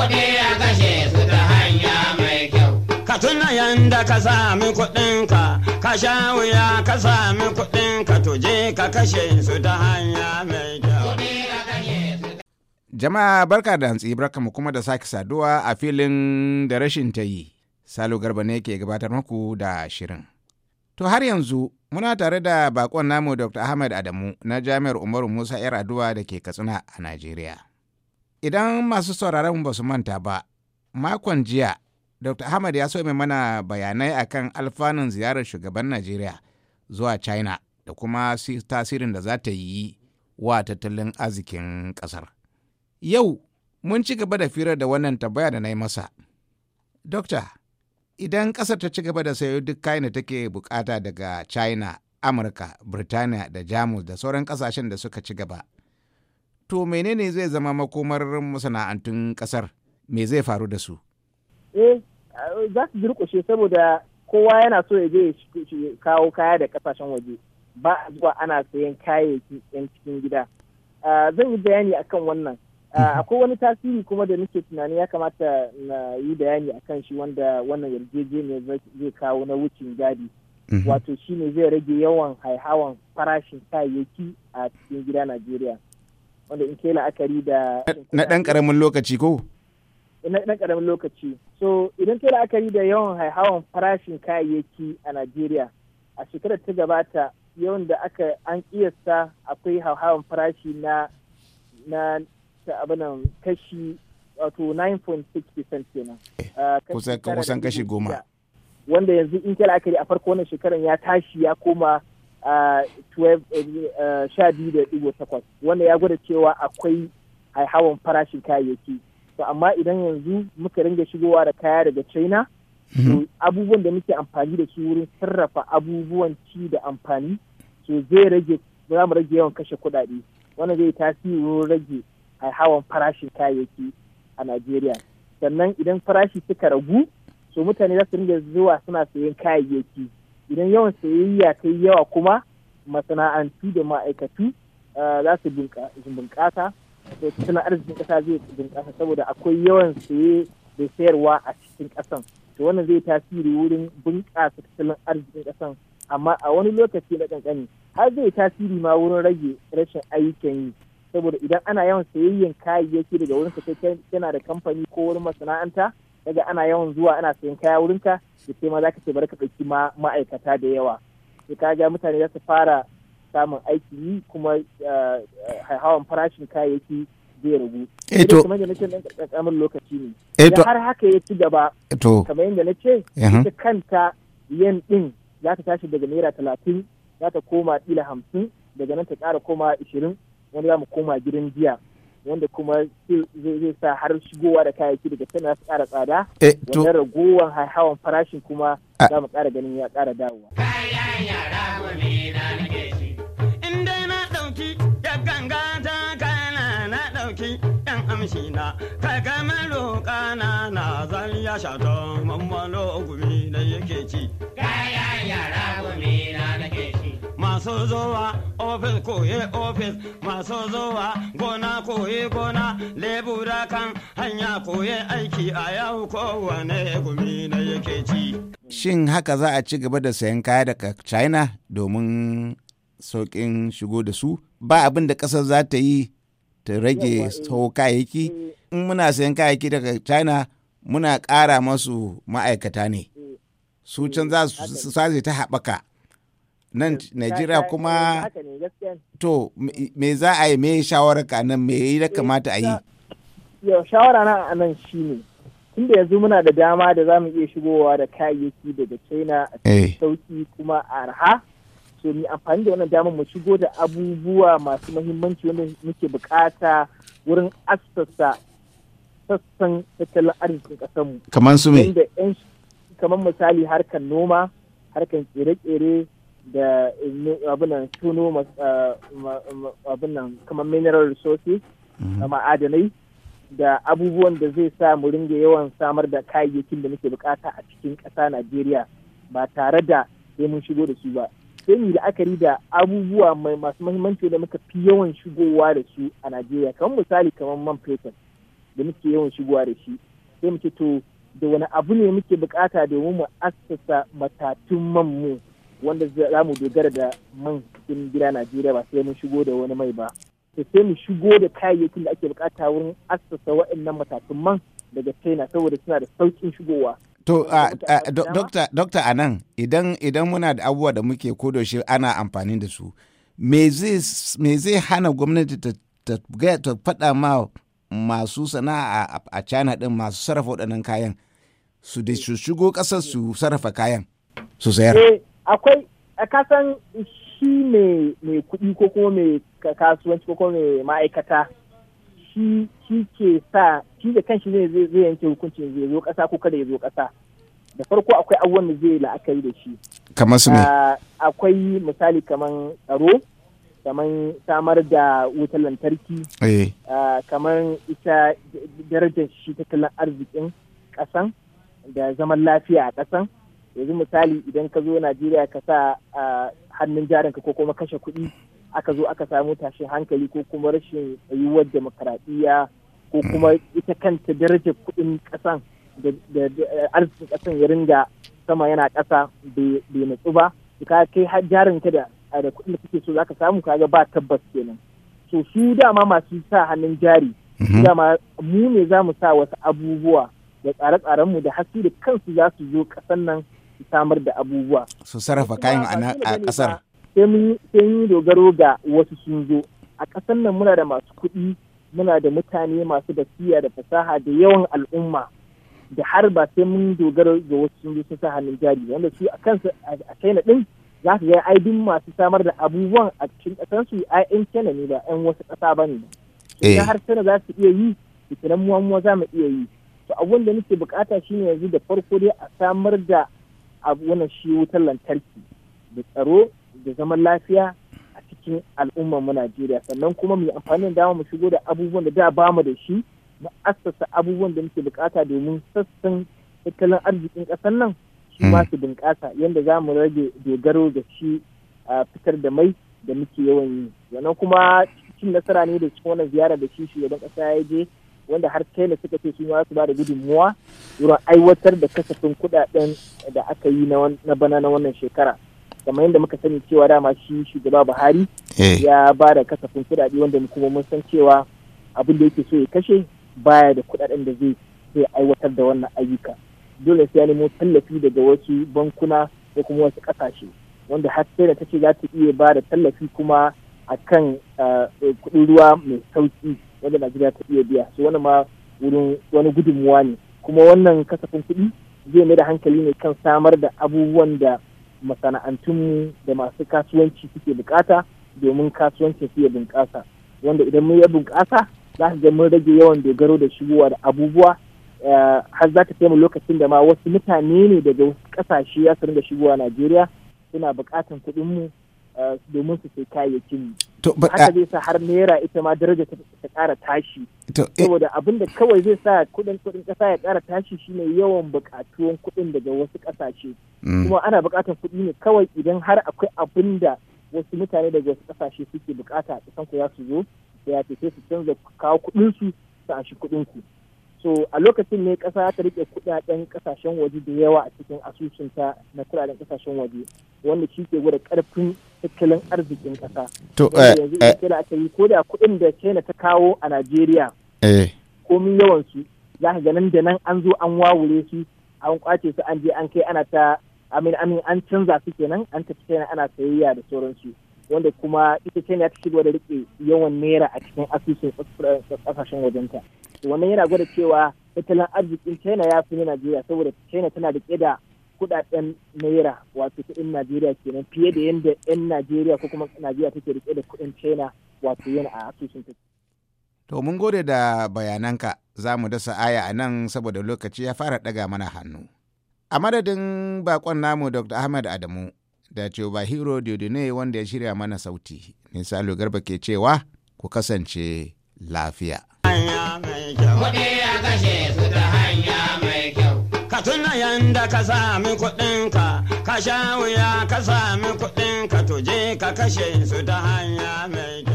kuɗi a kashe su ta hanya mai kyau. Ka tuna yanda ka sami kuɗinka, ka sha wuya ka sami kuɗinka tuje ka kashe su ta hanya mai kyau. Jama'a barka da hantsi barka mu kuma da sake saduwa a filin da rashin ta yi. Salo Garba ne ke gabatar muku da shirin. To har yanzu muna tare da bakon namu Dr. Ahmed Adamu na Jami'ar Umaru Musa 'yar Aduwa da ke Katsina a Najeriya. idan masu sauraron ba su manta ba makon jiya dr ahmad ya so mai mana bayanai akan alfanun ziyarar shugaban najeriya zuwa china da kuma tasirin da za ta yi wa tattalin arzikin kasar yau mun ci gaba da firar da wannan tabbaya da na yi masa dokta idan kasar ta ci gaba da sayo duk kayan da take bukata daga china amurka birtaniya da jamus da sauran kasashen da suka ci gaba to menene zai zama makomar masana'antun kasar me zai faru da su eh, eh za su durƙushe saboda kowa yana so ya je kawo kaya da kasashen waje ba a zuwa ana sayan kayayyaki yan cikin gida ah, zan yi bayani akan wannan ah, mhm. akwai wani tasiri kuma da nake tunani ya kamata na yi bayani akan shi wanda wannan yarjejeniya zai kawo na wucin gadi mhm. wato shine zai rage yawan haihawan farashin kayayyaki a cikin gida najeriya wanda in ke la'akari da na ɗan ƙaramin lokaci ko na ɗan ƙaramin lokaci so idan ke la'akari da yawan haihawan farashin kayayyaki a najeriya a shekarar ta gabata yawan da aka an kiyasta akwai hauhawan farashi na na abinan kashi wato 9.6% kenan eh, ah, kusan kashi goma wanda yanzu in ke la'akari a farko wannan shekarar ya tashi ya koma Eh, eh, takwas wanda ya gwada cewa akwai haihawan farashin kayayyaki to amma idan yanzu muka ringa shigowa da kaya daga china mhm. abubuwan da muke amfani da su wurin sarrafa abubuwan ci da amfani to zai rage za mu rage yawan kashe kuɗaɗe wanda zai tasiri wurin rage haihawan farashin kayayyaki a najeriya sannan idan farashi suka ragu to mutane za su ringa zuwa suna sayan kayayyaki idan yawan sayayya ta yi yawa kuma masana'antu da ma'aikatu eh, za su bunƙasa to tattalin arzikin ƙasa zai bunƙasa saboda akwai yawan saye da sayarwa a cikin ƙasan to wannan zai tasiri wurin bunƙasa tattalin arzikin ƙasan amma a wani lokaci na ƙanƙani har zai tasiri ma wurin rage rashin aikin yi saboda idan ana yawan sayayyan kayayyaki daga wurin sa yana da kamfani ko wurin masana'anta kaga ana yawan zuwa ana sayan kaya wurinka da ke ma za ka ce bari ka ɗauki ma'aikata da yawa sai ka ga mutane za su fara samun aiki yi kuma eh, hawan farashin kayayyaki zai ragu. Eto. Eh, kuma yadda na ɗan ƙarƙamin lokaci ne. Eto. Eh, har haka ya ci gaba. Eto. Kamar yadda nace uh-huh. Ita kanta yen ɗin za ta tashi daga naira talatin za ta koma ɗila hamsin daga nan ta ƙara koma ishirin wani za mu koma gidan jiya. wanda kuma zai sa har shigowa da kayaki daga tana su ƙara tsada eh, wannan ragowar hawan farashin kuma za mu ƙara ganin ya ƙara dawowa. In dai na ɗauki ya ganga ta kana na ɗauki yan amshi na ka na na zan ya shato mammalo gumi da yake ci. Kaya yara gumi na nake Masu zowa ofis koye ofis masu zuwa gona koye gona lebura kan hanya koye aiki a yau kowane gumi na yake ci. Shin haka za a ci gaba da sayan kaya daga China domin sauƙin shigo da su? Ba abin da ƙasar za ta yi ta rage eh. sau kayayyaki? In muna sayan kayayyaki daga China muna ƙara masu ma'aikata ne. Eh. Su can za su sace eh, ta haɓaka. nan Najeriya kuma eh, to me za a yi me shawarar ka nan me yi da eh, kamata a yi yau shawara na a nan shi shine tunda yanzu muna da dama da za mu iya shigowa da kayayyaki daga China a eh. sauki kuma a arha so ni amfani da wannan damar mu shigo da abubuwa masu mahimmanci wanda muke bukata wurin assasa sassan tattalin arzikin mu. Kamar su me? Kamar misali harkar noma, harkar tsere-tsere, da abinan tuno abinan kamar mineral resources mhm. ma'adanai da abubuwan da zai sa mu ringa yawan samar da kayayyakin da muke bukata a cikin ƙasa najeriya ba tare da sai mun shigo da su ba sai mu la'akari da abubuwa mai masu mahimmanci da muka fi yawan shigowa da su a najeriya kamar misali kamar man fetur da muke yawan shigowa da shi sai mu ce to da wani abu ne muke bukata domin mu assasa matatun man mu wanda za mu dogara da man cikin gida Najeriya ba sai mun shigo da wani mai ba. To sai mu shigo da kayayyakin da ake bukata wurin assasa waɗannan matakin man daga China saboda suna da saukin shigowa. To, Dokta a nan, idan muna da abubuwa da muke shi ana amfani da su, me zai hana gwamnati ta faɗa ma masu sana'a a China ɗin masu sarrafa waɗannan kayan, su da shigo ƙasar su sarrafa kayan, su sayar. Eh, akwai a eh, kasan shi mai kuɗi ko kuma mai kasuwanci ko kuma mai ma'aikata shi ke sa shi da kanshi ne zai yanke hukuncin zai zo ƙasa ko kada ya zo ƙasa da farko akwai abubuwan da zai la'akari da shi kamar su ne ah, akwai misali kamar tsaro kamar samar da wutar lantarki eh. ah, kamar ita darajar shi tattalin arzikin ƙasan da zaman lafiya a ƙasan yanzu misali idan ka zo najeriya ka sa hannun jarinka ko kuma kashe kuɗi aka zo aka samu tashin hankali ko kuma rashin yiwuwar demokaradiyya ko kuma ita kanta darajar kuɗin ƙasan da eh, arzikin ƙasan ya ringa sama yana ƙasa bai natsu ba ka kai jarinka da da kuɗin da kake so zaka samu kaga ba tabbas kenan so su dama masu sa hannun jari mhm. dama mu ne za mu sa wasu abubuwa da tsare-tsarenmu da hasi da kansu za su zo kasan nan su samar da abubuwa su sarrafa kayan a kasar sai mun yi dogaro ga wasu sun zo a kasar nan muna da masu kuɗi muna da mutane masu basira da fasaha da yawan al'umma da har ba sai mun dogara ga wasu sun zo sun sa hannun jari wanda su a kansu a china ɗin za su ga aibin masu samar da abubuwan a cikin kasar su a ai china ne ba yan wasu ƙasa ba ne eh. idan har china za su iya yi fitinan muwa muwa za mu iya yi to abun da nake bukata shine yanzu da farko dai a samar da wannan shi wutar lantarki da tsaro da zaman lafiya a cikin al'ummar mu Najeriya sannan kuma mu yi amfani da dama mu shigo da abubuwan da da ba mu da shi mu assasa abubuwan da muke bukata domin sassan tattalin arzikin ƙasar nan shi ma hmm. su bunƙasa yanda za mu rage dogaro da shi fitar da mai da muke yawan yi sannan kuma cikin nasara ne da cikin wannan ziyara da shi shugaban ƙasa ya je wanda har tela suka ce su ma su ba da gudunmuwa wurin aiwatar da kasafin kudaden da aka yi na bana na wannan shekara kamar yadda muka sani cewa dama shi shugaba buhari eh. ya ba da kasafin kudade wanda kuma mun san cewa abin da yake so ya kashe baya da kudaden da zai zai aiwatar da wannan ayyuka dole sai ya nemo tallafi daga wasu bankuna ko kuma wasu kasashe wanda har sai da ta ce za ta iya ba da tallafi kuma akan eh, kudin ruwa mai sauki wanda najeriya ta iya biya su wani ma wurin wani gudunmuwa ne kuma wannan kasafin kuɗi zai mai da hankali ne kan samar da abubuwan da masana'antunmu da masu kasuwanci suke bukata domin kasuwancin su ya bunƙasa wanda idan mun ya bunƙasa za su ga mun rage yawan dogaro da shigowa da abubuwa eh, har za ta kai mu lokacin da ma wasu mutane ne daga wasu ƙasashe ya su da shigowa Najeriya suna buƙatan mu. Uh, domin su sai kayayyakin haka uh, zai sa har naira ita ma daraja ta kara tashi eh, saboda abin da kawai zai sa kudin kudin kasa ya kara tashi shine yawan bukatuwan kudin daga wasu ƙasashe. Mm. kuma ana bukatar kuɗi ne kawai idan har akwai abin da wasu mutane daga wasu kasashe suke bukata a kasan su zo da ya sai su canza kawo kudin su su ashi kudin ku so a lokacin ne ƙasa ta rike kuɗaɗen ƙasashen waje da yawa a cikin asusunta na kudaden kasashen waje wanda shi ke gwada karfin tattalin arzikin ƙasa. To, eh, yanzu China aka yi ko da kuɗin da China ta kawo a Najeriya. Eh. Komin yawan su za ka ganin da nan an zo an wawure su an kwace su an je an kai ana ta amin amin an canza su kenan an tafi China ana sayayya da sauransu. Wanda kuma ita China ta shigo da rike yawan naira a cikin asusun ƙasashen wajenta. Wannan yana gwada cewa tattalin arzikin China ya fi na Najeriya saboda China tana da da kudaden naira wato kudin najeriya kenan fiye da yadda 'yan najeriya ko kuma najeriya take rike da kudin china wato yana a asusun take to mun gode da bayananka za mu dasa aya a nan saboda lokaci ya fara daga mana hannu a madadin bakon namu dr ahmad adamu da cewa hero diodone wanda ya shirya mana sauti salo garba ke cewa ku kasance lafiya. Kuɗi a inda ka sami kuɗinka, ka sha wuya ka sami kuɗinka tuje ka kashe su ta hanya mai